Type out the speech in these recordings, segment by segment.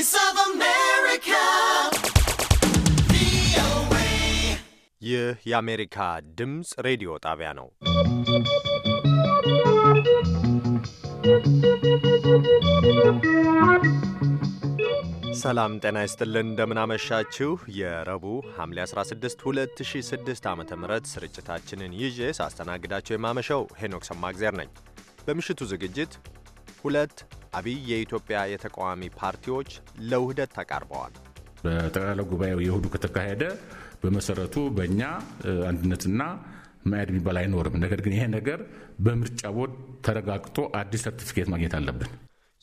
Voice of America. ይህ የአሜሪካ ድምፅ ሬዲዮ ጣቢያ ነው። ሰላም ጤና ይስጥልን። እንደምናመሻችሁ የረቡዕ ሐምሌ 16 2006 ዓ ም ስርጭታችንን ይዤ ሳስተናግዳቸው የማመሸው ሄኖክ ሰማግዜር ነኝ። በምሽቱ ዝግጅት ሁለት አብይ የኢትዮጵያ የተቃዋሚ ፓርቲዎች ለውህደት ተቃርበዋል። በጠቅላላ ጉባኤው የእሁዱ ከተካሄደ በመሰረቱ በእኛ አንድነትና መያድ የሚባል አይኖርም። ነገር ግን ይሄ ነገር በምርጫ ቦርድ ተረጋግጦ አዲስ ሰርቲፊኬት ማግኘት አለብን።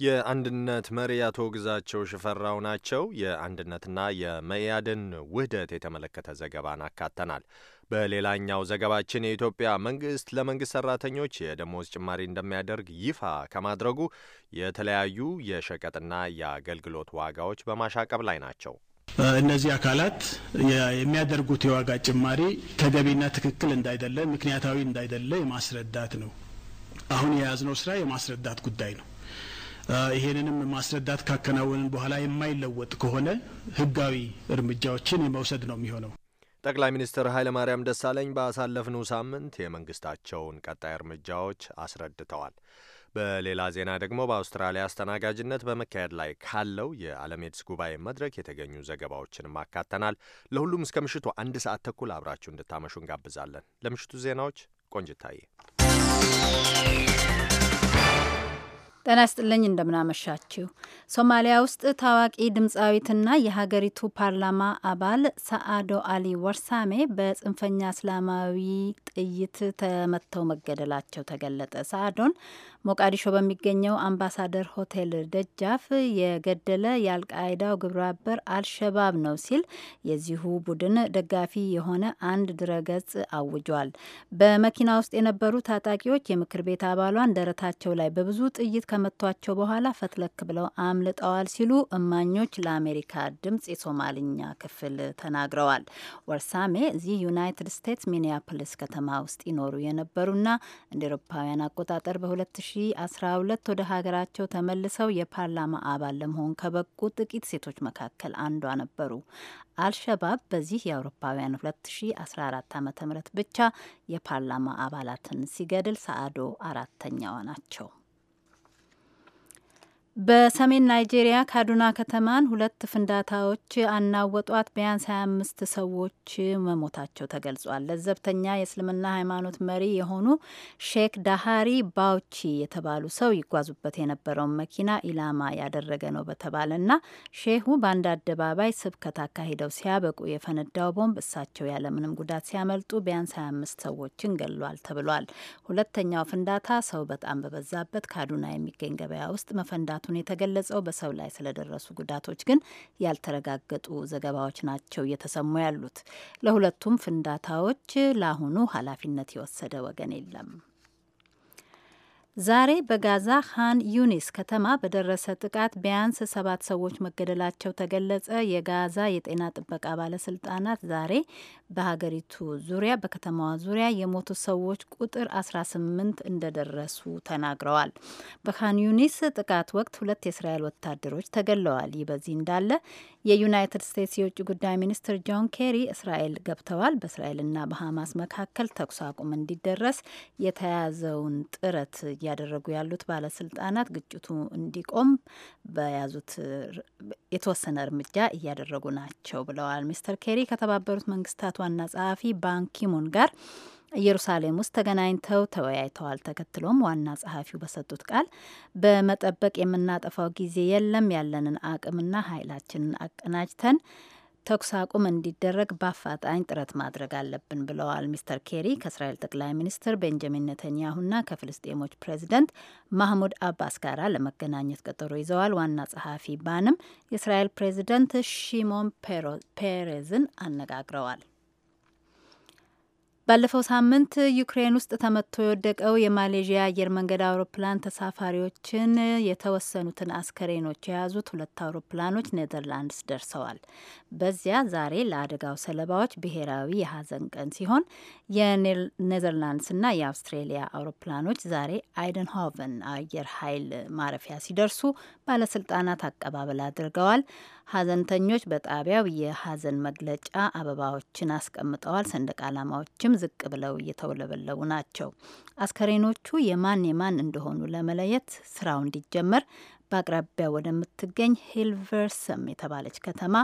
የአንድነት መሪ አቶ ግዛቸው ሽፈራው ናቸው። የአንድነትና የመያድን ውህደት የተመለከተ ዘገባን አካተናል። በሌላኛው ዘገባችን የኢትዮጵያ መንግስት ለመንግስት ሰራተኞች የደሞዝ ጭማሪ እንደሚያደርግ ይፋ ከማድረጉ የተለያዩ የሸቀጥና የአገልግሎት ዋጋዎች በማሻቀብ ላይ ናቸው። እነዚህ አካላት የሚያደርጉት የዋጋ ጭማሪ ተገቢና ትክክል እንዳይደለ፣ ምክንያታዊ እንዳይደለ የማስረዳት ነው። አሁን የያዝነው ስራ የማስረዳት ጉዳይ ነው። ይሄንንም ማስረዳት ካከናወንን በኋላ የማይለወጥ ከሆነ ህጋዊ እርምጃዎችን የመውሰድ ነው የሚሆነው። ጠቅላይ ሚኒስትር ኃይለማርያም ደሳለኝ ባሳለፍነው ሳምንት የመንግስታቸውን ቀጣይ እርምጃዎች አስረድተዋል። በሌላ ዜና ደግሞ በአውስትራሊያ አስተናጋጅነት በመካሄድ ላይ ካለው የዓለም ኤድስ ጉባኤ መድረክ የተገኙ ዘገባዎችን ማካተናል። ለሁሉም እስከ ምሽቱ አንድ ሰዓት ተኩል አብራችሁ እንድታመሹ እንጋብዛለን። ለምሽቱ ዜናዎች ቆንጅታዬ ጤና ይስጥልኝ እንደምናመሻችው። ሶማሊያ ውስጥ ታዋቂ ድምፃዊትና የሀገሪቱ ፓርላማ አባል ሰአዶ አሊ ወርሳሜ በጽንፈኛ እስላማዊ ጥይት ተመተው መገደላቸው ተገለጠ። ሰአዶን ሞቃዲሾ በሚገኘው አምባሳደር ሆቴል ደጃፍ የገደለ የአልቃይዳው ግብረአበር አልሸባብ ነው ሲል የዚሁ ቡድን ደጋፊ የሆነ አንድ ድረገጽ አውጇል። በመኪና ውስጥ የነበሩ ታጣቂዎች የምክር ቤት አባሏን ደረታቸው ላይ በብዙ ጥይት ከመቷቸው በኋላ ፈትለክ ብለው አምልጠዋል ሲሉ እማኞች ለአሜሪካ ድምጽ የሶማልኛ ክፍል ተናግረዋል። ወርሳሜ እዚህ ዩናይትድ ስቴትስ ሚኒያፖሊስ ከተማ ውስጥ ይኖሩ የነበሩና እንደ ኤሮፓውያን አቆጣጠር በ2012 ወደ ሀገራቸው ተመልሰው የፓርላማ አባል ለመሆን ከበቁ ጥቂት ሴቶች መካከል አንዷ ነበሩ። አልሸባብ በዚህ የአውሮፓውያን 2014 ዓ ም ብቻ የፓርላማ አባላትን ሲገድል ሰአዶ አራተኛዋ ናቸው። በሰሜን ናይጄሪያ ካዱና ከተማን ሁለት ፍንዳታዎች አናወጧት። ቢያንስ 25 ሰዎች መሞታቸው ተገልጿል። ለዘብተኛ የእስልምና ሃይማኖት መሪ የሆኑ ሼክ ዳሃሪ ባውቺ የተባሉ ሰው ይጓዙበት የነበረውን መኪና ኢላማ ያደረገ ነው በተባለና ሼሁ በአንድ አደባባይ ስብከት አካሂደው ሲያበቁ የፈነዳው ቦምብ እሳቸው ያለምንም ጉዳት ሲያመልጡ ቢያንስ 25 ሰዎችን ገሏል ተብሏል። ሁለተኛው ፍንዳታ ሰው በጣም በበዛበት ካዱና የሚገኝ ገበያ ውስጥ መፈንዳቱ መጥፋቱን የተገለጸው። በሰው ላይ ስለደረሱ ጉዳቶች ግን ያልተረጋገጡ ዘገባዎች ናቸው እየተሰሙ ያሉት። ለሁለቱም ፍንዳታዎች ለአሁኑ ኃላፊነት የወሰደ ወገን የለም። ዛሬ በጋዛ ሃን ዩኒስ ከተማ በደረሰ ጥቃት ቢያንስ ሰባት ሰዎች መገደላቸው ተገለጸ። የጋዛ የጤና ጥበቃ ባለስልጣናት ዛሬ በሀገሪቱ ዙሪያ በከተማዋ ዙሪያ የሞቱ ሰዎች ቁጥር 18 እንደደረሱ ተናግረዋል። በሃን ዩኒስ ጥቃት ወቅት ሁለት የእስራኤል ወታደሮች ተገለዋል። ይህ በዚህ እንዳለ የዩናይትድ ስቴትስ የውጭ ጉዳይ ሚኒስትር ጆን ኬሪ እስራኤል ገብተዋል። በእስራኤልና በሃማስ መካከል ተኩስ አቁም እንዲደረስ የተያዘውን ጥረት እያደረጉ ያሉት ባለስልጣናት ግጭቱ እንዲቆም በያዙት የተወሰነ እርምጃ እያደረጉ ናቸው ብለዋል። ሚስተር ኬሪ ከተባበሩት መንግስታት ዋና ጸሐፊ ባንኪሙን ጋር ኢየሩሳሌም ውስጥ ተገናኝተው ተወያይተዋል። ተከትሎም ዋና ጸሐፊው በሰጡት ቃል በመጠበቅ የምናጠፋው ጊዜ የለም፣ ያለንን አቅምና ኃይላችንን አቀናጅተን ተኩስ አቁም እንዲደረግ በአፋጣኝ ጥረት ማድረግ አለብን ብለዋል ሚስተር ኬሪ ከእስራኤል ጠቅላይ ሚኒስትር ቤንጃሚን ነተንያሁና ከፍልስጤሞች ፕሬዚደንት ማህሙድ አባስ ጋር ለመገናኘት ቀጠሮ ይዘዋል። ዋና ጸሐፊ ባንም የእስራኤል ፕሬዚደንት ሺሞን ፔሬዝን አነጋግረዋል። ባለፈው ሳምንት ዩክሬን ውስጥ ተመቶ የወደቀው የማሌዥያ አየር መንገድ አውሮፕላን ተሳፋሪዎችን የተወሰኑትን አስከሬኖች የያዙት ሁለት አውሮፕላኖች ኔዘርላንድስ ደርሰዋል። በዚያ ዛሬ ለአደጋው ሰለባዎች ብሔራዊ የሀዘን ቀን ሲሆን የኔዘርላንድስና የአውስትሬሊያ አውሮፕላኖች ዛሬ አይደንሆቨን አየር ኃይል ማረፊያ ሲደርሱ ባለስልጣናት አቀባበል አድርገዋል። ሀዘንተኞች በጣቢያው የሀዘን መግለጫ አበባዎችን አስቀምጠዋል። ሰንደቅ ዓላማዎችም ዝቅ ብለው እየተውለበለቡ ናቸው። አስከሬኖቹ የማን የማን እንደሆኑ ለመለየት ስራው እንዲጀመር በአቅራቢያ ወደምትገኝ ሂልቨርሰም የተባለች ከተማ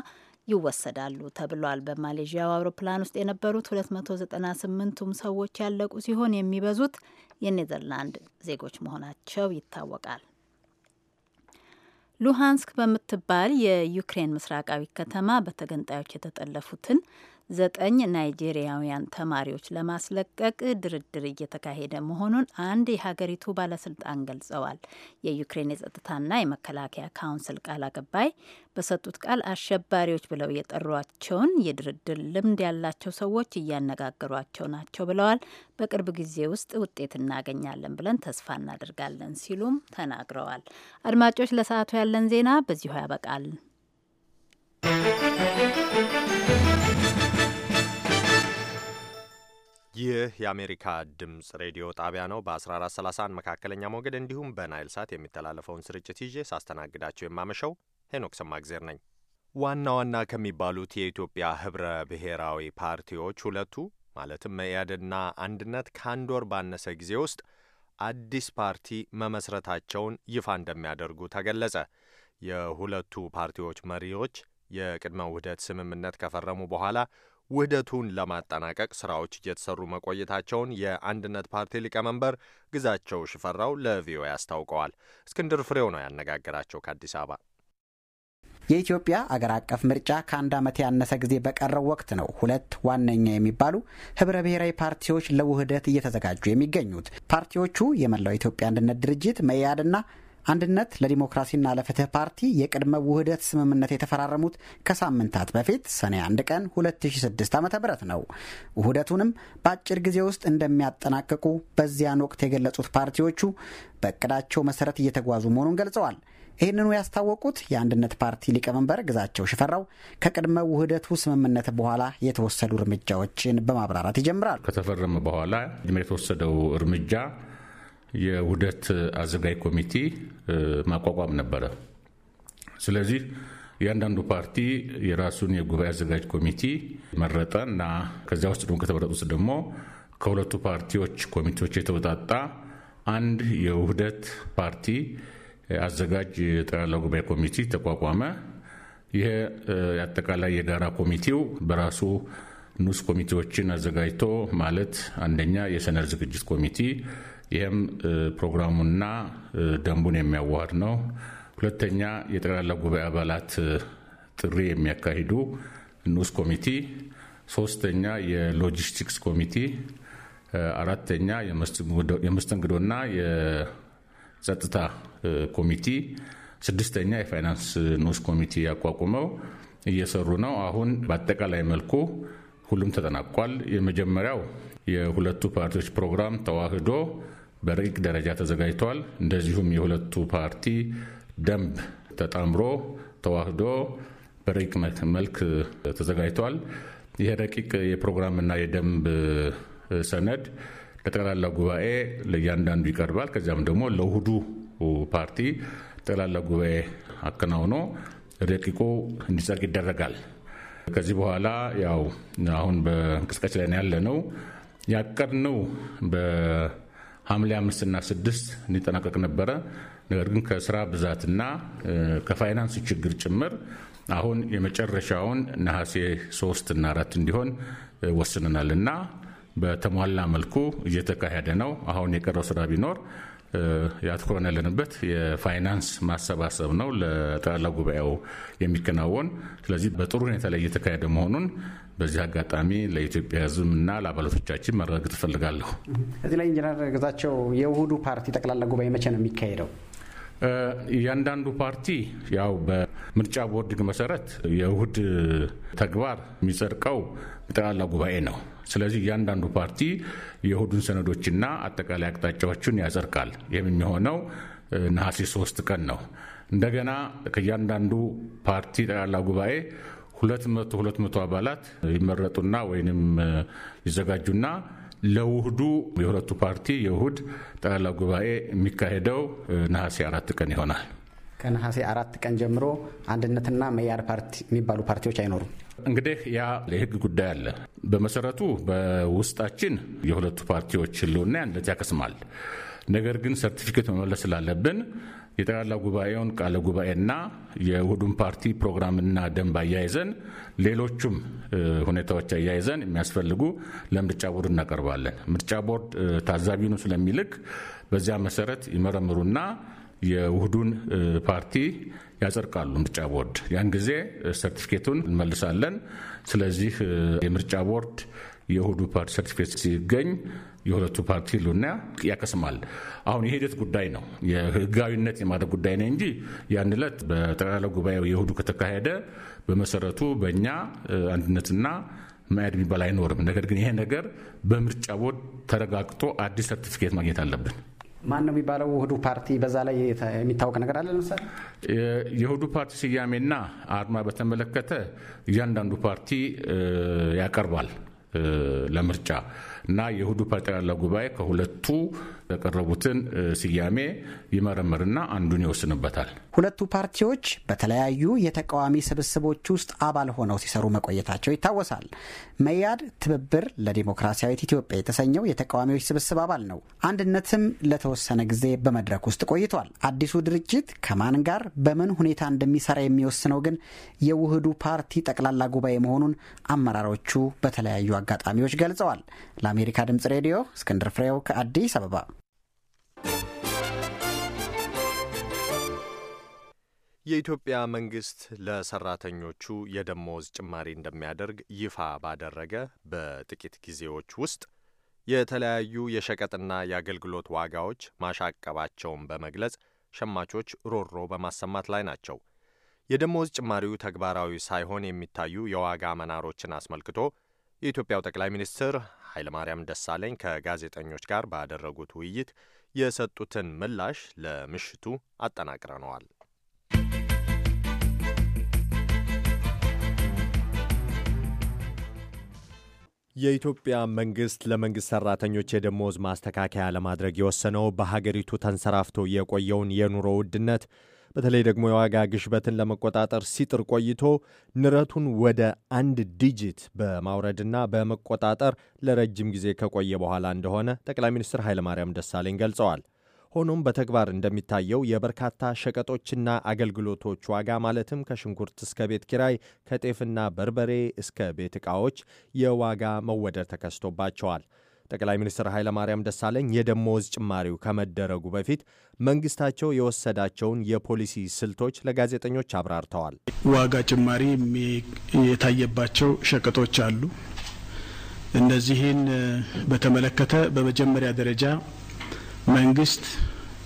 ይወሰዳሉ ተብሏል። በማሌዥያው አውሮፕላን ውስጥ የነበሩት 298ቱም ሰዎች ያለቁ ሲሆን የሚበዙት የኔዘርላንድ ዜጎች መሆናቸው ይታወቃል። ሉሃንስክ በምትባል የዩክሬን ምስራቃዊ ከተማ በተገንጣዮች የተጠለፉትን ዘጠኝ ናይጄሪያውያን ተማሪዎች ለማስለቀቅ ድርድር እየተካሄደ መሆኑን አንድ የሀገሪቱ ባለስልጣን ገልጸዋል። የዩክሬን የጸጥታና የመከላከያ ካውንስል ቃል አቀባይ በሰጡት ቃል አሸባሪዎች ብለው የጠሯቸውን የድርድር ልምድ ያላቸው ሰዎች እያነጋገሯቸው ናቸው ብለዋል። በቅርብ ጊዜ ውስጥ ውጤት እናገኛለን ብለን ተስፋ እናደርጋለን ሲሉም ተናግረዋል። አድማጮች ለሰዓቱ ያለን ዜና በዚሁ ያበቃል። ይህ የአሜሪካ ድምፅ ሬዲዮ ጣቢያ ነው። በ1431 መካከለኛ ሞገድ እንዲሁም በናይል ሳት የሚተላለፈውን ስርጭት ይዤ ሳስተናግዳቸው የማመሸው ሄኖክ ሰማግዜር ነኝ። ዋና ዋና ከሚባሉት የኢትዮጵያ ህብረ ብሔራዊ ፓርቲዎች ሁለቱ ማለትም መኢአድና አንድነት ከአንድ ወር ባነሰ ጊዜ ውስጥ አዲስ ፓርቲ መመስረታቸውን ይፋ እንደሚያደርጉ ተገለጸ። የሁለቱ ፓርቲዎች መሪዎች የቅድመ ውህደት ስምምነት ከፈረሙ በኋላ ውህደቱን ለማጠናቀቅ ስራዎች እየተሰሩ መቆየታቸውን የአንድነት ፓርቲ ሊቀመንበር ግዛቸው ሽፈራው ለቪኦኤ አስታውቀዋል። እስክንድር ፍሬው ነው ያነጋገራቸው ከአዲስ አበባ። የኢትዮጵያ አገር አቀፍ ምርጫ ከአንድ ዓመት ያነሰ ጊዜ በቀረው ወቅት ነው ሁለት ዋነኛ የሚባሉ ህብረ ብሔራዊ ፓርቲዎች ለውህደት እየተዘጋጁ የሚገኙት። ፓርቲዎቹ የመላው ኢትዮጵያ አንድነት ድርጅት መኢአድና አንድነት ለዲሞክራሲና ለፍትህ ፓርቲ የቅድመ ውህደት ስምምነት የተፈራረሙት ከሳምንታት በፊት ሰኔ 1 ቀን 2006 ዓ ም ነው። ውህደቱንም በአጭር ጊዜ ውስጥ እንደሚያጠናቅቁ በዚያን ወቅት የገለጹት ፓርቲዎቹ በእቅዳቸው መሰረት እየተጓዙ መሆኑን ገልጸዋል። ይህንኑ ያስታወቁት የአንድነት ፓርቲ ሊቀመንበር ግዛቸው ሽፈራው ከቅድመ ውህደቱ ስምምነት በኋላ የተወሰዱ እርምጃዎችን በማብራራት ይጀምራል። ከተፈረመ በኋላ የተወሰደው እርምጃ የውህደት አዘጋጅ ኮሚቴ ማቋቋም ነበረ። ስለዚህ እያንዳንዱ ፓርቲ የራሱን የጉባኤ አዘጋጅ ኮሚቴ መረጠ እና ከዚያ ውስጥ ደግሞ ከተመረጡት ደግሞ ከሁለቱ ፓርቲዎች ኮሚቴዎች የተወጣጣ አንድ የውህደት ፓርቲ አዘጋጅ ጠቅላላ ጉባኤ ኮሚቴ ተቋቋመ። ይህ አጠቃላይ የጋራ ኮሚቴው በራሱ ንዑስ ኮሚቴዎችን አዘጋጅቶ ማለት አንደኛ የሰነድ ዝግጅት ኮሚቴ ይህም ፕሮግራሙና ደንቡን የሚያዋሃድ ነው። ሁለተኛ የጠቅላላ ጉባኤ አባላት ጥሪ የሚያካሂዱ ንዑስ ኮሚቴ፣ ሶስተኛ የሎጂስቲክስ ኮሚቴ፣ አራተኛ የመስተንግዶና የጸጥታ ኮሚቴ፣ ስድስተኛ የፋይናንስ ንዑስ ኮሚቴ ያቋቁመው እየሰሩ ነው። አሁን በአጠቃላይ መልኩ ሁሉም ተጠናቋል። የመጀመሪያው የሁለቱ ፓርቲዎች ፕሮግራም ተዋህዶ በረቂቅ ደረጃ ተዘጋጅተዋል። እንደዚሁም የሁለቱ ፓርቲ ደንብ ተጣምሮ ተዋህዶ በረቂቅ መልክ ተዘጋጅተዋል። ይህ ረቂቅ የፕሮግራምና የደንብ ሰነድ ለጠቅላላ ጉባኤ ለእያንዳንዱ ይቀርባል። ከዚያም ደግሞ ለውህዱ ፓርቲ ጠቅላላ ጉባኤ አከናውኖ ረቂቁ እንዲጸድቅ ይደረጋል። ከዚህ በኋላ ያው አሁን በእንቅስቃሴ ላይ ያለ ነው ያቀድነው ሐምሌ አምስትና ስድስት እንዲጠናቀቅ ነበረ። ነገር ግን ከስራ ብዛትና ከፋይናንስ ችግር ጭምር አሁን የመጨረሻውን ነሐሴ ሶስት እና አራት እንዲሆን ወስነናል እና በተሟላ መልኩ እየተካሄደ ነው። አሁን የቀረው ስራ ቢኖር ያትኩረን ያለንበት የፋይናንስ ማሰባሰብ ነው ለጠቅላላ ጉባኤው የሚከናወን። ስለዚህ በጥሩ ሁኔታ ላይ እየተካሄደ መሆኑን በዚህ አጋጣሚ ለኢትዮጵያ ሕዝብና ለአባላቶቻችን መረግ ትፈልጋለሁ። እዚህ ላይ ኢንጂነር ግዛቸው የውሁዱ ፓርቲ ጠቅላላ ጉባኤ መቼ ነው የሚካሄደው? እያንዳንዱ ፓርቲ ያው በምርጫ ቦርድ መሰረት የውህድ ተግባር የሚጸድቀው ጠቅላላ ጉባኤ ነው። ስለዚህ እያንዳንዱ ፓርቲ የውህዱን ሰነዶችና አጠቃላይ አቅጣጫዎችን ያጸድቃል። ይህም የሚሆነው ነሐሴ ሶስት ቀን ነው። እንደገና ከእያንዳንዱ ፓርቲ ጠቅላላ ጉባኤ ሁለት መቶ ሁለት መቶ አባላት ይመረጡና ወይንም ይዘጋጁና ለውህዱ የሁለቱ ፓርቲ የውህድ ጠቅላላ ጉባኤ የሚካሄደው ነሐሴ አራት ቀን ይሆናል። ከነሐሴ አራት ቀን ጀምሮ አንድነትና መያድ ፓርቲ የሚባሉ ፓርቲዎች አይኖሩም። እንግዲህ ያ የህግ ጉዳይ አለ። በመሰረቱ በውስጣችን የሁለቱ ፓርቲዎች ህልውና ያንለት ያከስማል። ነገር ግን ሰርቲፊኬት መመለስ ስላለብን የጠቅላላ ጉባኤውን ቃለ ጉባኤና የውህዱን ፓርቲ ፕሮግራምና ደንብ አያይዘን ሌሎቹም ሁኔታዎች አያይዘን የሚያስፈልጉ ለምርጫ ቦርድ እናቀርባለን። ምርጫ ቦርድ ታዛቢውን ስለሚልክ በዚያ መሰረት ይመረምሩና የውህዱን ፓርቲ ያጸድቃሉ። ምርጫ ቦርድ ያን ጊዜ ሰርቲፊኬቱን እንመልሳለን። ስለዚህ የምርጫ ቦርድ የሁዱ ፓርቲ ሰርቲፊኬት ሲገኝ የሁለቱ ፓርቲ ሉና ያቀስማል። አሁን የሂደት ጉዳይ ነው፣ የህጋዊነት የማድረግ ጉዳይ ነው እንጂ ያን ዕለት በጠቅላላ ጉባኤው የሁዱ ከተካሄደ በመሰረቱ በእኛ አንድነትና መኢአድ የሚባል አይኖርም። ነገር ግን ይሄ ነገር በምርጫ ቦርድ ተረጋግጦ አዲስ ሰርቲፊኬት ማግኘት አለብን። ማን ነው የሚባለው? ውህዱ ፓርቲ በዛ ላይ የሚታወቅ ነገር አለ። ለምሳሌ የውህዱ ፓርቲ ስያሜና አርማ በተመለከተ እያንዳንዱ ፓርቲ ያቀርባል። ለምርጫ እና የእሁዱ ጠቅላላ ጉባኤ ከሁለቱ ያቀረቡትን ስያሜ ይመረምርና አንዱን ይወስንበታል። ሁለቱ ፓርቲዎች በተለያዩ የተቃዋሚ ስብስቦች ውስጥ አባል ሆነው ሲሰሩ መቆየታቸው ይታወሳል። መያድ ትብብር ለዲሞክራሲያዊት ኢትዮጵያ የተሰኘው የተቃዋሚዎች ስብስብ አባል ነው። አንድነትም ለተወሰነ ጊዜ በመድረክ ውስጥ ቆይቷል። አዲሱ ድርጅት ከማን ጋር በምን ሁኔታ እንደሚሰራ የሚወስነው ግን የውህዱ ፓርቲ ጠቅላላ ጉባኤ መሆኑን አመራሮቹ በተለያዩ አጋጣሚዎች ገልጸዋል። ለአሜሪካ ድምጽ ሬዲዮ እስክንድር ፍሬው ከአዲስ አበባ የኢትዮጵያ መንግስት ለሰራተኞቹ የደሞዝ ጭማሪ እንደሚያደርግ ይፋ ባደረገ በጥቂት ጊዜዎች ውስጥ የተለያዩ የሸቀጥና የአገልግሎት ዋጋዎች ማሻቀባቸውን በመግለጽ ሸማቾች ሮሮ በማሰማት ላይ ናቸው። የደሞዝ ጭማሪው ተግባራዊ ሳይሆን የሚታዩ የዋጋ መናሮችን አስመልክቶ የኢትዮጵያው ጠቅላይ ሚኒስትር ኃይለማርያም ደሳለኝ ከጋዜጠኞች ጋር ባደረጉት ውይይት የሰጡትን ምላሽ ለምሽቱ አጠናቅረነዋል። የኢትዮጵያ መንግስት ለመንግስት ሰራተኞች የደሞዝ ማስተካከያ ለማድረግ የወሰነው በሀገሪቱ ተንሰራፍቶ የቆየውን የኑሮ ውድነት በተለይ ደግሞ የዋጋ ግሽበትን ለመቆጣጠር ሲጥር ቆይቶ ንረቱን ወደ አንድ ዲጂት በማውረድና በመቆጣጠር ለረጅም ጊዜ ከቆየ በኋላ እንደሆነ ጠቅላይ ሚኒስትር ኃይለማርያም ደሳለኝ ገልጸዋል። ሆኖም በተግባር እንደሚታየው የበርካታ ሸቀጦችና አገልግሎቶች ዋጋ ማለትም ከሽንኩርት እስከ ቤት ኪራይ፣ ከጤፍና በርበሬ እስከ ቤት ዕቃዎች የዋጋ መወደር ተከስቶባቸዋል። ጠቅላይ ሚኒስትር ኃይለማርያም ደሳለኝ የደሞዝ ጭማሪው ከመደረጉ በፊት መንግስታቸው የወሰዳቸውን የፖሊሲ ስልቶች ለጋዜጠኞች አብራርተዋል። ዋጋ ጭማሪ የታየባቸው ሸቀጦች አሉ። እነዚህን በተመለከተ በመጀመሪያ ደረጃ መንግስት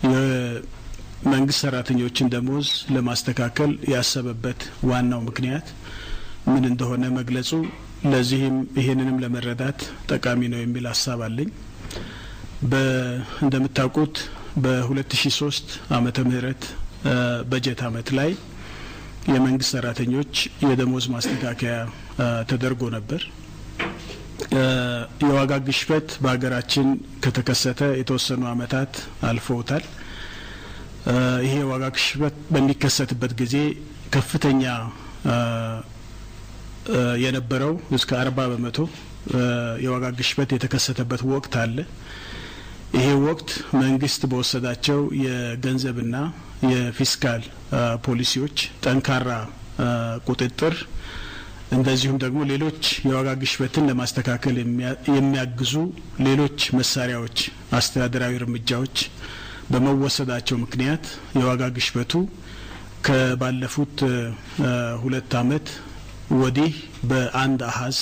የመንግስት ሰራተኞችን ደሞዝ ለማስተካከል ያሰበበት ዋናው ምክንያት ምን እንደሆነ መግለጹ ለዚህም ይሄንንም ለመረዳት ጠቃሚ ነው የሚል ሀሳብ አለኝ። እንደምታውቁት በ2003 ዓመተ ምህረት በጀት አመት ላይ የመንግስት ሰራተኞች የደሞዝ ማስተካከያ ተደርጎ ነበር። የዋጋ ግሽበት በሀገራችን ከተከሰተ የተወሰኑ ዓመታት አልፈውታል። ይሄ የዋጋ ግሽበት በሚከሰትበት ጊዜ ከፍተኛ የነበረው እስከ አርባ በመቶ የዋጋ ግሽበት የተከሰተበት ወቅት አለ። ይሄ ወቅት መንግስት በወሰዳቸው የገንዘብና የፊስካል ፖሊሲዎች ጠንካራ ቁጥጥር እንደዚሁም ደግሞ ሌሎች የዋጋ ግሽበትን ለማስተካከል የሚያግዙ ሌሎች መሳሪያዎች፣ አስተዳደራዊ እርምጃዎች በመወሰዳቸው ምክንያት የዋጋ ግሽበቱ ከባለፉት ሁለት አመት ወዲህ በአንድ አሀዝ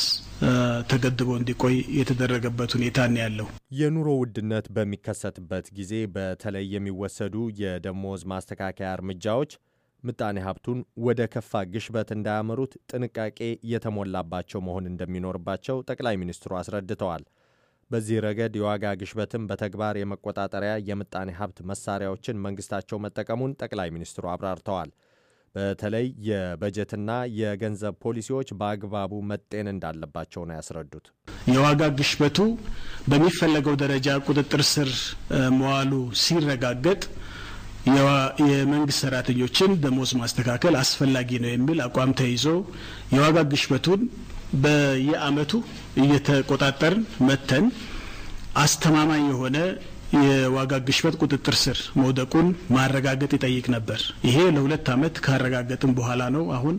ተገድቦ እንዲቆይ የተደረገበት ሁኔታ ነው ያለው። የኑሮ ውድነት በሚከሰትበት ጊዜ በተለይ የሚወሰዱ የደሞዝ ማስተካከያ እርምጃዎች ምጣኔ ሀብቱን ወደ ከፋ ግሽበት እንዳያመሩት ጥንቃቄ የተሞላባቸው መሆን እንደሚኖርባቸው ጠቅላይ ሚኒስትሩ አስረድተዋል። በዚህ ረገድ የዋጋ ግሽበትን በተግባር የመቆጣጠሪያ የምጣኔ ሀብት መሳሪያዎችን መንግስታቸው መጠቀሙን ጠቅላይ ሚኒስትሩ አብራርተዋል። በተለይ የበጀትና የገንዘብ ፖሊሲዎች በአግባቡ መጤን እንዳለባቸው ነው ያስረዱት። የዋጋ ግሽበቱ በሚፈለገው ደረጃ ቁጥጥር ስር መዋሉ ሲረጋገጥ የመንግስት ሰራተኞችን ደሞዝ ማስተካከል አስፈላጊ ነው የሚል አቋም ተይዞ የዋጋ ግሽበቱን በየአመቱ እየተቆጣጠርን መተን አስተማማኝ የሆነ የዋጋ ግሽበት ቁጥጥር ስር መውደቁን ማረጋገጥ ይጠይቅ ነበር። ይሄ ለሁለት አመት ካረጋገጥን በኋላ ነው አሁን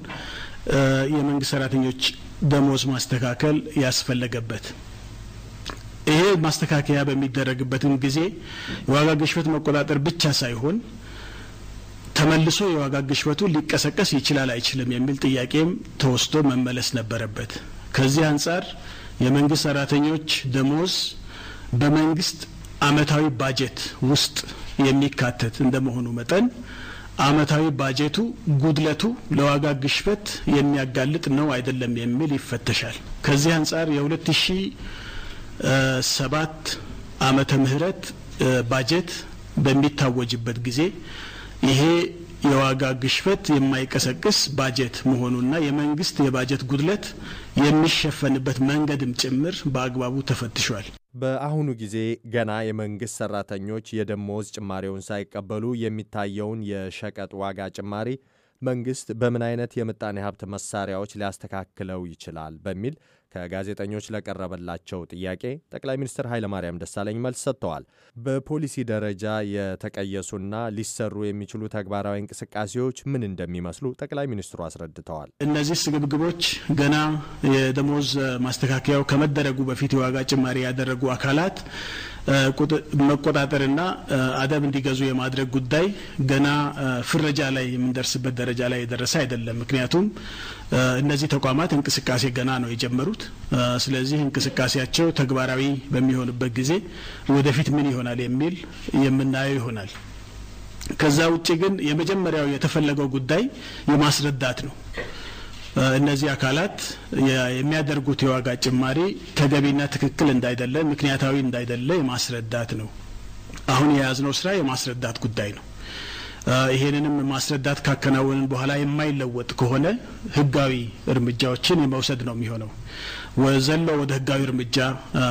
የመንግስት ሰራተኞች ደሞዝ ማስተካከል ያስፈለገበት። ይሄ ማስተካከያ በሚደረግበትም ጊዜ የዋጋ ግሽበት መቆጣጠር ብቻ ሳይሆን ተመልሶ የዋጋ ግሽበቱ ሊቀሰቀስ ይችላል አይችልም የሚል ጥያቄም ተወስዶ መመለስ ነበረበት። ከዚህ አንጻር የመንግስት ሰራተኞች ደሞዝ በመንግስት አመታዊ ባጀት ውስጥ የሚካተት እንደመሆኑ መጠን አመታዊ ባጀቱ ጉድለቱ ለዋጋ ግሽበት የሚያጋልጥ ነው አይደለም የሚል ይፈተሻል። ከዚህ አንጻር የ 2007 ሰባት አመተ ምህረት ባጀት በሚታወጅበት ጊዜ ይሄ የዋጋ ግሽበት የማይቀሰቅስ ባጀት መሆኑና የመንግስት የባጀት ጉድለት የሚሸፈንበት መንገድም ጭምር በአግባቡ ተፈትሿል። በአሁኑ ጊዜ ገና የመንግስት ሰራተኞች የደሞዝ ጭማሪውን ሳይቀበሉ የሚታየውን የሸቀጥ ዋጋ ጭማሪ መንግስት በምን አይነት የምጣኔ ሀብት መሳሪያዎች ሊያስተካክለው ይችላል በሚል ከጋዜጠኞች ለቀረበላቸው ጥያቄ ጠቅላይ ሚኒስትር ኃይለማርያም ደሳለኝ መልስ ሰጥተዋል። በፖሊሲ ደረጃ የተቀየሱና ሊሰሩ የሚችሉ ተግባራዊ እንቅስቃሴዎች ምን እንደሚመስሉ ጠቅላይ ሚኒስትሩ አስረድተዋል። እነዚህ ስግብግቦች ገና የደሞዝ ማስተካከያው ከመደረጉ በፊት የዋጋ ጭማሪ ያደረጉ አካላት መቆጣጠርና አደብ እንዲገዙ የማድረግ ጉዳይ ገና ፍረጃ ላይ የምንደርስበት ደረጃ ላይ የደረሰ አይደለም። ምክንያቱም እነዚህ ተቋማት እንቅስቃሴ ገና ነው የጀመሩት። ስለዚህ እንቅስቃሴያቸው ተግባራዊ በሚሆንበት ጊዜ ወደፊት ምን ይሆናል የሚል የምናየው ይሆናል። ከዛ ውጭ ግን የመጀመሪያው የተፈለገው ጉዳይ የማስረዳት ነው። እነዚህ አካላት የሚያደርጉት የዋጋ ጭማሪ ተገቢና ትክክል እንዳይደለ፣ ምክንያታዊ እንዳይደለ የማስረዳት ነው። አሁን የያዝነው ስራ የማስረዳት ጉዳይ ነው። ይሄንንም ማስረዳት ካከናወንን በኋላ የማይለወጥ ከሆነ ህጋዊ እርምጃዎችን የመውሰድ ነው የሚሆነው። ዘሎ ወደ ህጋዊ እርምጃ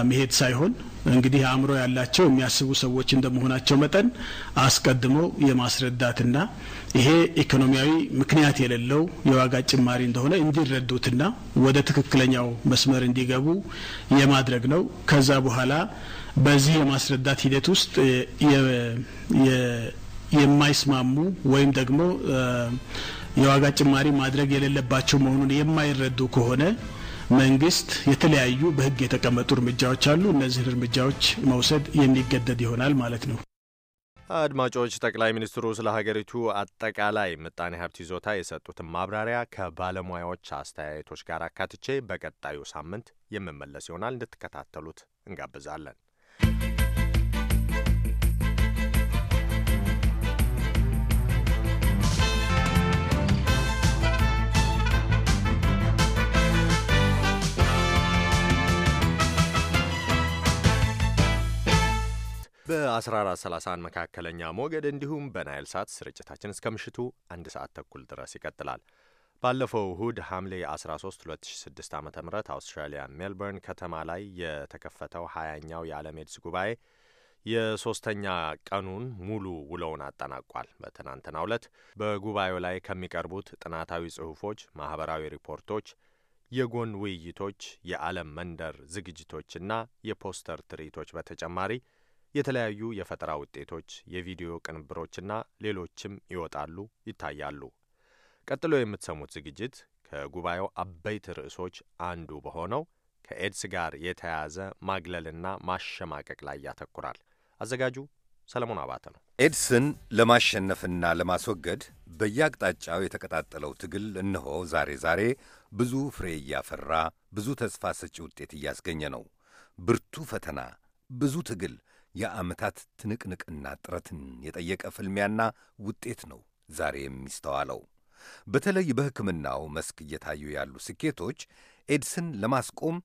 መሄድ ሳይሆን እንግዲህ አእምሮ ያላቸው የሚያስቡ ሰዎች እንደመሆናቸው መጠን አስቀድሞ የማስረዳትና ይሄ ኢኮኖሚያዊ ምክንያት የሌለው የዋጋ ጭማሪ እንደሆነ እንዲረዱትና ወደ ትክክለኛው መስመር እንዲገቡ የማድረግ ነው። ከዛ በኋላ በዚህ የማስረዳት ሂደት ውስጥ የማይስማሙ ወይም ደግሞ የዋጋ ጭማሪ ማድረግ የሌለባቸው መሆኑን የማይረዱ ከሆነ መንግስት የተለያዩ በህግ የተቀመጡ እርምጃዎች አሉ። እነዚህን እርምጃዎች መውሰድ የሚገደድ ይሆናል ማለት ነው። አድማጮች፣ ጠቅላይ ሚኒስትሩ ስለ ሀገሪቱ አጠቃላይ ምጣኔ ሀብት ይዞታ የሰጡትን ማብራሪያ ከባለሙያዎች አስተያየቶች ጋር አካትቼ በቀጣዩ ሳምንት የምመለስ ይሆናል። እንድትከታተሉት እንጋብዛለን። በ1431 መካከለኛ ሞገድ እንዲሁም በናይል ሳት ስርጭታችን እስከ ምሽቱ አንድ ሰዓት ተኩል ድረስ ይቀጥላል። ባለፈው እሁድ ሐምሌ 13 2006 ዓ ም አውስትራሊያ ሜልበርን ከተማ ላይ የተከፈተው 20ኛው የዓለም ኤድስ ጉባኤ የሶስተኛ ቀኑን ሙሉ ውለውን አጠናቋል። በትናንትናው ዕለት በጉባኤው ላይ ከሚቀርቡት ጥናታዊ ጽሑፎች፣ ማኅበራዊ ሪፖርቶች፣ የጎን ውይይቶች፣ የዓለም መንደር ዝግጅቶችና የፖስተር ትርኢቶች በተጨማሪ የተለያዩ የፈጠራ ውጤቶች፣ የቪዲዮ ቅንብሮችና ሌሎችም ይወጣሉ፣ ይታያሉ። ቀጥሎ የምትሰሙት ዝግጅት ከጉባኤው አበይት ርዕሶች አንዱ በሆነው ከኤድስ ጋር የተያያዘ ማግለልና ማሸማቀቅ ላይ ያተኩራል። አዘጋጁ ሰለሞን አባተ ነው። ኤድስን ለማሸነፍና ለማስወገድ በየአቅጣጫው የተቀጣጠለው ትግል እነሆ ዛሬ ዛሬ ብዙ ፍሬ እያፈራ ብዙ ተስፋ ሰጪ ውጤት እያስገኘ ነው። ብርቱ ፈተና፣ ብዙ ትግል የዓመታት ትንቅንቅና ጥረትን የጠየቀ ፍልሚያና ውጤት ነው ዛሬ የሚስተዋለው። በተለይ በሕክምናው መስክ እየታዩ ያሉ ስኬቶች ኤድስን ለማስቆም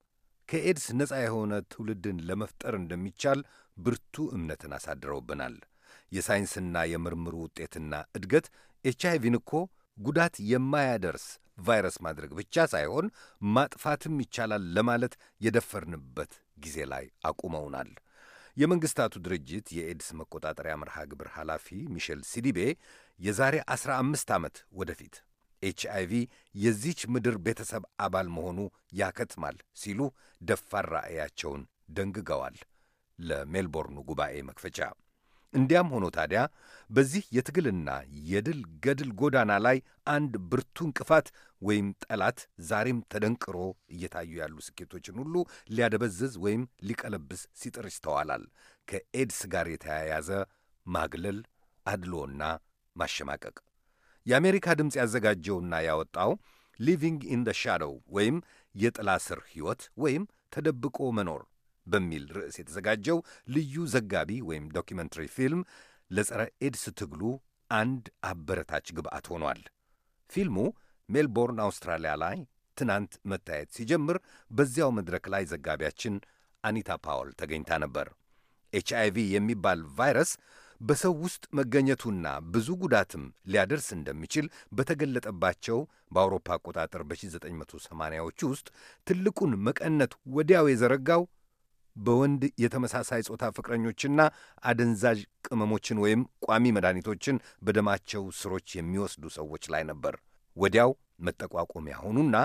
ከኤድስ ነፃ የሆነ ትውልድን ለመፍጠር እንደሚቻል ብርቱ እምነትን አሳድረውብናል። የሳይንስና የምርምሩ ውጤትና እድገት ኤች አይቪን እኮ ጉዳት የማያደርስ ቫይረስ ማድረግ ብቻ ሳይሆን ማጥፋትም ይቻላል ለማለት የደፈርንበት ጊዜ ላይ አቁመውናል። የመንግስታቱ ድርጅት የኤድስ መቆጣጠሪያ መርሃ ግብር ኃላፊ ሚሼል ሲዲቤ የዛሬ 15 ዓመት ወደፊት ኤች አይቪ የዚች ምድር ቤተሰብ አባል መሆኑ ያከትማል ሲሉ ደፋር ራዕያቸውን ደንግገዋል። ለሜልቦርኑ ጉባኤ መክፈቻ እንዲያም ሆኖ ታዲያ በዚህ የትግልና የድል ገድል ጎዳና ላይ አንድ ብርቱ እንቅፋት ወይም ጠላት ዛሬም ተደንቅሮ እየታዩ ያሉ ስኬቶችን ሁሉ ሊያደበዝዝ ወይም ሊቀለብስ ሲጥር ይስተዋላል። ከኤድስ ጋር የተያያዘ ማግለል፣ አድሎና ማሸማቀቅ። የአሜሪካ ድምፅ ያዘጋጀውና ያወጣው ሊቪንግ ኢን ደ ሻዶው ወይም የጥላ ስር ሕይወት ወይም ተደብቆ መኖር በሚል ርዕስ የተዘጋጀው ልዩ ዘጋቢ ወይም ዶኪመንታሪ ፊልም ለጸረ ኤድስ ትግሉ አንድ አበረታች ግብአት ሆኗል። ፊልሙ ሜልቦርን አውስትራሊያ ላይ ትናንት መታየት ሲጀምር በዚያው መድረክ ላይ ዘጋቢያችን አኒታ ፓውል ተገኝታ ነበር። ኤች አይቪ የሚባል ቫይረስ በሰው ውስጥ መገኘቱና ብዙ ጉዳትም ሊያደርስ እንደሚችል በተገለጠባቸው በአውሮፓ አቆጣጠር በ1980ዎቹ ውስጥ ትልቁን መቀነት ወዲያው የዘረጋው በወንድ የተመሳሳይ ጾታ ፍቅረኞችና አደንዛዥ ቅመሞችን ወይም ቋሚ መድኃኒቶችን በደማቸው ስሮች የሚወስዱ ሰዎች ላይ ነበር። ወዲያው መጠቋቆሚያ ሆኑና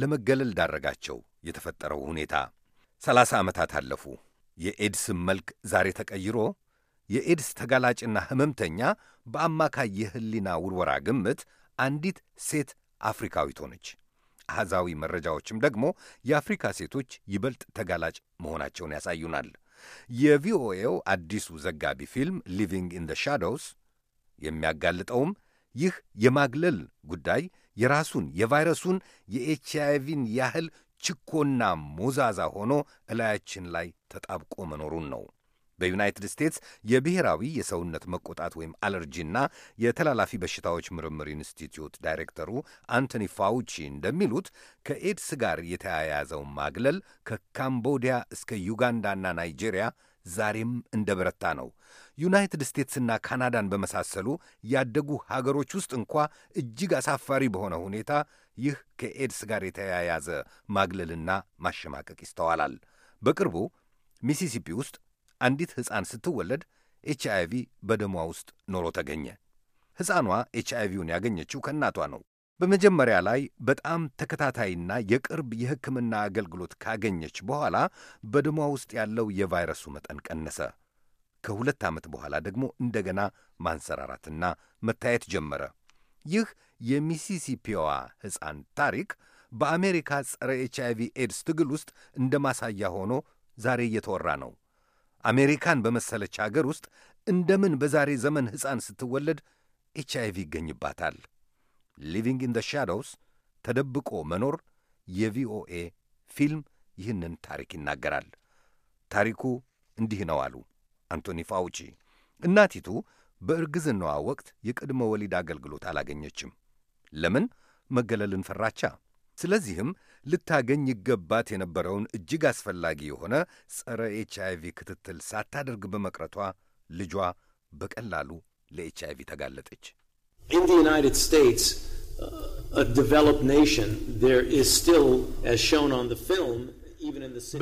ለመገለል ዳረጋቸው የተፈጠረው ሁኔታ። ሰላሳ ዓመታት አለፉ። የኤድስም መልክ ዛሬ ተቀይሮ የኤድስ ተጋላጭና ህመምተኛ በአማካይ የህሊና ውርወራ ግምት አንዲት ሴት አፍሪካዊት ሆነች። አሃዛዊ መረጃዎችም ደግሞ የአፍሪካ ሴቶች ይበልጥ ተጋላጭ መሆናቸውን ያሳዩናል። የቪኦኤው አዲሱ ዘጋቢ ፊልም ሊቪንግ ኢን ሻዶውስ የሚያጋልጠውም ይህ የማግለል ጉዳይ የራሱን የቫይረሱን የኤችአይቪን ያህል ችኮና ሞዛዛ ሆኖ እላያችን ላይ ተጣብቆ መኖሩን ነው። በዩናይትድ ስቴትስ የብሔራዊ የሰውነት መቆጣት ወይም አለርጂና የተላላፊ በሽታዎች ምርምር ኢንስቲትዩት ዳይሬክተሩ አንቶኒ ፋውቺ እንደሚሉት ከኤድስ ጋር የተያያዘው ማግለል ከካምቦዲያ እስከ ዩጋንዳና ናይጄሪያ ዛሬም እንደ በረታ ነው። ዩናይትድ ስቴትስና ካናዳን በመሳሰሉ ያደጉ ሀገሮች ውስጥ እንኳ እጅግ አሳፋሪ በሆነ ሁኔታ ይህ ከኤድስ ጋር የተያያዘ ማግለልና ማሸማቀቅ ይስተዋላል። በቅርቡ ሚሲሲፒ ውስጥ አንዲት ሕፃን ስትወለድ ኤች አይቪ በደሟ ውስጥ ኖሮ ተገኘ። ሕፃኗ ኤች አይቪውን ያገኘችው ከእናቷ ነው። በመጀመሪያ ላይ በጣም ተከታታይና የቅርብ የሕክምና አገልግሎት ካገኘች በኋላ በደሟ ውስጥ ያለው የቫይረሱ መጠን ቀነሰ። ከሁለት ዓመት በኋላ ደግሞ እንደገና ማንሰራራትና መታየት ጀመረ። ይህ የሚሲሲፒዋ ሕፃን ታሪክ በአሜሪካ ጸረ ኤች አይቪ ኤድስ ትግል ውስጥ እንደ ማሳያ ሆኖ ዛሬ እየተወራ ነው። አሜሪካን በመሰለች አገር ውስጥ እንደምን በዛሬ ዘመን ሕፃን ስትወለድ ኤች አይቪ ይገኝባታል? ሊቪንግ ኢን ደ ሻዶውስ ተደብቆ መኖር የቪኦኤ ፊልም ይህንን ታሪክ ይናገራል። ታሪኩ እንዲህ ነው አሉ አንቶኒ ፋውቺ። እናቲቱ በእርግዝናዋ ወቅት የቅድመ ወሊድ አገልግሎት አላገኘችም። ለምን? መገለልን ፈራቻ። ስለዚህም ልታገኝ ይገባት የነበረውን እጅግ አስፈላጊ የሆነ ጸረ ኤች አይቪ ክትትል ሳታደርግ በመቅረቷ ልጇ በቀላሉ ለኤች አይቪ ተጋለጠች። uh,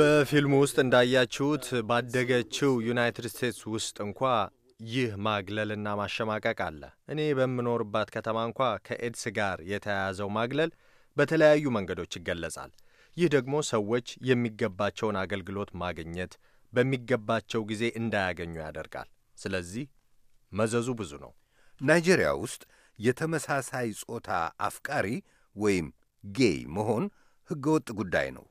በፊልሙ ውስጥ እንዳያችሁት ባደገችው ዩናይትድ ስቴትስ ውስጥ እንኳ ይህ ማግለልና ማሸማቀቅ አለ። እኔ በምኖርባት ከተማ እንኳ ከኤድስ ጋር የተያያዘው ማግለል በተለያዩ መንገዶች ይገለጻል። ይህ ደግሞ ሰዎች የሚገባቸውን አገልግሎት ማግኘት በሚገባቸው ጊዜ እንዳያገኙ ያደርጋል። ስለዚህ መዘዙ ብዙ ነው። ናይጄሪያ ውስጥ የተመሳሳይ ጾታ አፍቃሪ ወይም ጌይ መሆን ሕገወጥ ጉዳይ ነው።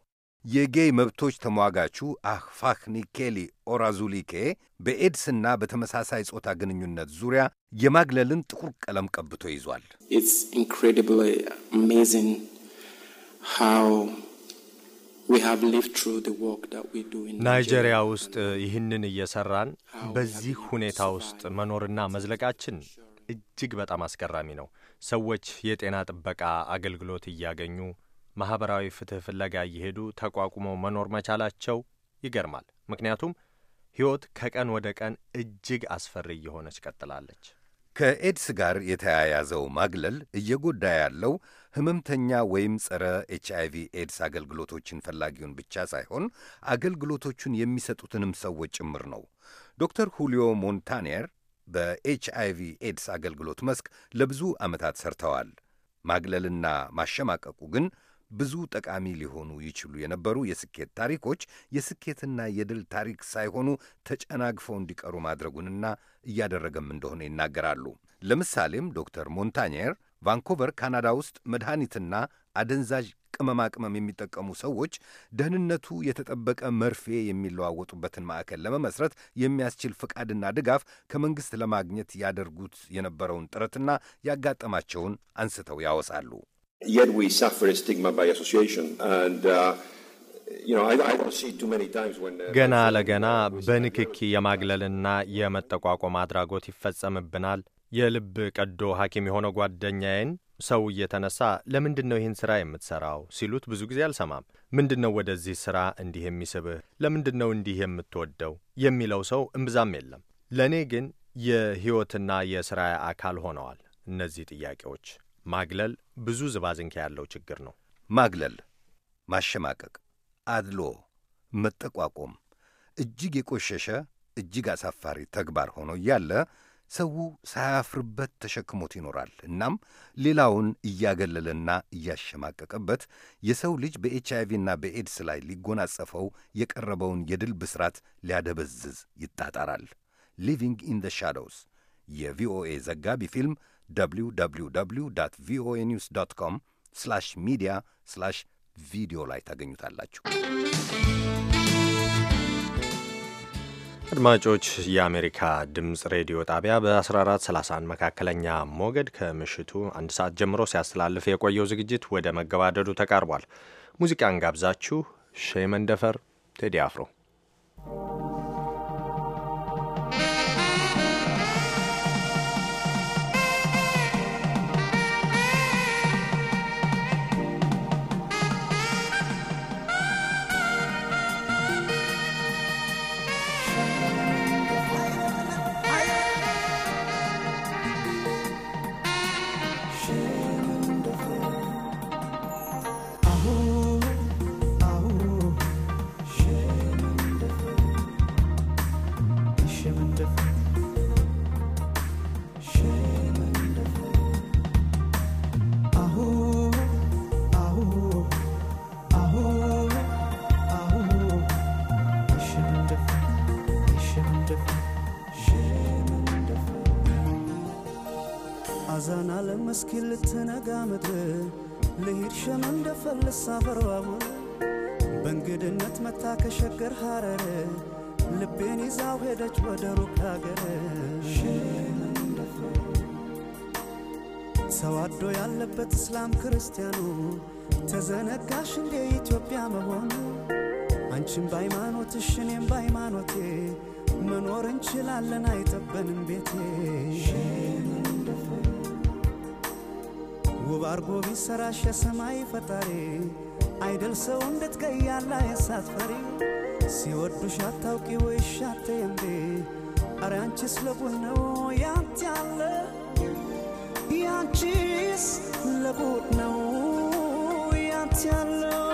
የጌይ መብቶች ተሟጋቹ አህፋክ ኒኬሊ ኦራዙሊኬ በኤድስና በተመሳሳይ ጾታ ግንኙነት ዙሪያ የማግለልን ጥቁር ቀለም ቀብቶ ይዟል። ናይጄሪያ ውስጥ ይህንን እየሰራን በዚህ ሁኔታ ውስጥ መኖርና መዝለቃችን እጅግ በጣም አስገራሚ ነው። ሰዎች የጤና ጥበቃ አገልግሎት እያገኙ ማህበራዊ ፍትህ ፍለጋ እየሄዱ ተቋቁመው መኖር መቻላቸው ይገርማል። ምክንያቱም ሕይወት ከቀን ወደ ቀን እጅግ አስፈሪ እየሆነች ቀጥላለች። ከኤድስ ጋር የተያያዘው ማግለል እየጎዳ ያለው ህመምተኛ ወይም ጸረ ኤች አይቪ ኤድስ አገልግሎቶችን ፈላጊውን ብቻ ሳይሆን አገልግሎቶቹን የሚሰጡትንም ሰዎች ጭምር ነው። ዶክተር ሁሊዮ ሞንታኔር በኤች አይቪ ኤድስ አገልግሎት መስክ ለብዙ ዓመታት ሰርተዋል። ማግለልና ማሸማቀቁ ግን ብዙ ጠቃሚ ሊሆኑ ይችሉ የነበሩ የስኬት ታሪኮች የስኬትና የድል ታሪክ ሳይሆኑ ተጨናግፈው እንዲቀሩ ማድረጉንና እያደረገም እንደሆነ ይናገራሉ። ለምሳሌም ዶክተር ሞንታኔር ቫንኩቨር ካናዳ ውስጥ መድኃኒትና አደንዛዥ ቅመማ ቅመም የሚጠቀሙ ሰዎች ደህንነቱ የተጠበቀ መርፌ የሚለዋወጡበትን ማዕከል ለመመስረት የሚያስችል ፍቃድና ድጋፍ ከመንግሥት ለማግኘት ያደርጉት የነበረውን ጥረትና ያጋጠማቸውን አንስተው ያወሳሉ። uh, uh, ገና ለገና በንክኪ የማግለልና የመጠቋቆም አድራጎት ይፈጸምብናል። የልብ ቀዶ ሐኪም የሆነው ጓደኛዬን ሰው እየተነሳ ለምንድን ነው ይህን ሥራ የምትሠራው ሲሉት ብዙ ጊዜ አልሰማም። ምንድን ነው ወደዚህ ሥራ እንዲህ የሚስብህ፣ ለምንድን ነው እንዲህ የምትወደው የሚለው ሰው እምብዛም የለም። ለእኔ ግን የሕይወትና የሥራ አካል ሆነዋል እነዚህ ጥያቄዎች። ማግለል ብዙ ዝባዝንኬ ያለው ችግር ነው። ማግለል፣ ማሸማቀቅ፣ አድሎ፣ መጠቋቆም እጅግ የቆሸሸ እጅግ አሳፋሪ ተግባር ሆኖ እያለ ሰው ሳያፍርበት ተሸክሞት ይኖራል። እናም ሌላውን እያገለለና እያሸማቀቀበት የሰው ልጅ በኤች ና በኤድስ ላይ ሊጎናጸፈው የቀረበውን የድል ብስራት ሊያደበዝዝ ይጣጣራል። ሊቪንግ ኢን ዘ ሻዶውስ የቪኦኤ ዘጋቢ ፊልም www ቪኦኤ ኒውስ ዶት ኮም ስላሽ ሚዲያ ስላሽ ቪዲዮ ላይ ታገኙታላችሁ። አድማጮች የአሜሪካ ድምፅ ሬዲዮ ጣቢያ በ1431 መካከለኛ ሞገድ ከምሽቱ አንድ ሰዓት ጀምሮ ሲያስተላልፍ የቆየው ዝግጅት ወደ መገባደዱ ተቃርቧል። ሙዚቃን ጋብዛችሁ ሼመንደፈር ቴዲ አፍሮ እስክትነጋ ምድር ልሂድ ሸመም ደፈልሳ በርባቡ በእንግድነት መታ ከሸገር ሀረር ልቤን ይዛው ሄደች ወደ ሩቅ ሀገር። ተዋዶ ያለበት እስላም ክርስቲያኑ ተዘነጋሽ እንዴ ኢትዮጵያ መሆኑ አንቺም በሃይማኖትሽ እኔም በሃይማኖቴ መኖር እንችላለን አይጠበንም ቤቴ ውብ አርጎ ቢሰራሽ የሰማይ ፈጣሪ አይደል ሰው እንድትቀያላ የሳትፈሪ ሲወዱሽ አታውቂ ወይ ሻቴ እንዴ አረ አንቺስ ለቁን ነው ያንት አለ ያንቺስ ለቁን ነው ያንት ያለው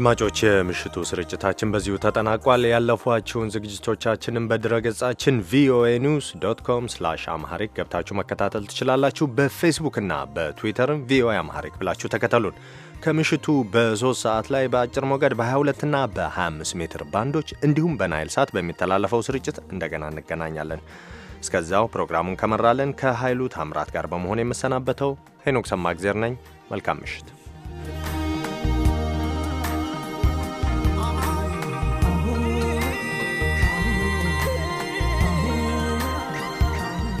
አድማጮች የምሽቱ ስርጭታችን በዚሁ ተጠናቋል። ያለፏችሁን ዝግጅቶቻችንን በድረገጻችን ቪኦኤ ኒውስ ዶት ኮም ስላሽ አምሃሪክ ገብታችሁ መከታተል ትችላላችሁ። በፌስቡክና በትዊተርም ቪኦኤ አምሃሪክ ብላችሁ ተከተሉን። ከምሽቱ በሶስት ሰዓት ላይ በአጭር ሞገድ በ22ና በ25 ሜትር ባንዶች እንዲሁም በናይል ሳት በሚተላለፈው ስርጭት እንደገና እንገናኛለን። እስከዚያው ፕሮግራሙን ከመራለን ከኃይሉ ታምራት ጋር በመሆን የምሰናበተው ሄኖክ ሰማግዜር ነኝ። መልካም ምሽት።